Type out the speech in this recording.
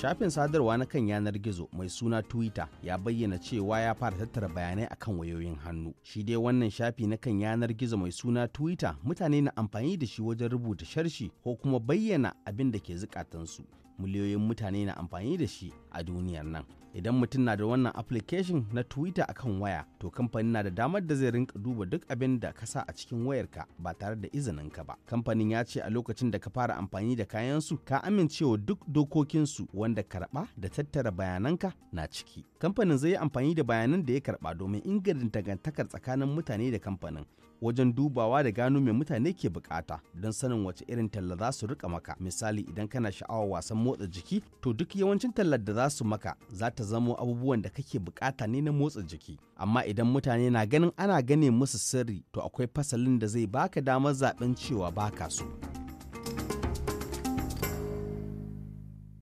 Shafin sadarwa na kan yanar gizo mai suna Twitter ya bayyana cewa ya fara tattara bayanai akan wayoyin hannu. Shi dai wannan shafi na kan yanar gizo mai suna Twitter mutane na amfani da shi wajen rubuta sharshi ko kuma bayyana abin da ke zukatansu. miliyoyin mutane na amfani da shi a duniyar nan idan mutum na da wannan application na twitter akan waya to kamfanin na da damar da zai rinka duba duk abin da ka sa a cikin wayarka ba tare da izinin ka ba kamfanin ya ce a lokacin da ka fara amfani da kayan su. ka amincewa duk dokokinsu wanda karba da tattara bayananka na ciki kamfanin zai yi amfani da bayanan da ya karba domin inganta dangantakar tsakanin mutane da kamfanin wajen dubawa da gano mai mutane ke bukata don sanin wace irin talla za su rika maka misali idan kana sha'awar wasan motsa jiki to duk yawancin tallar da za su maka za ta zamo abubuwan da kake bukata ne na motsa jiki amma idan mutane na ganin ana gane musu sirri to akwai fasalin da zai baka damar zaben cewa baka so.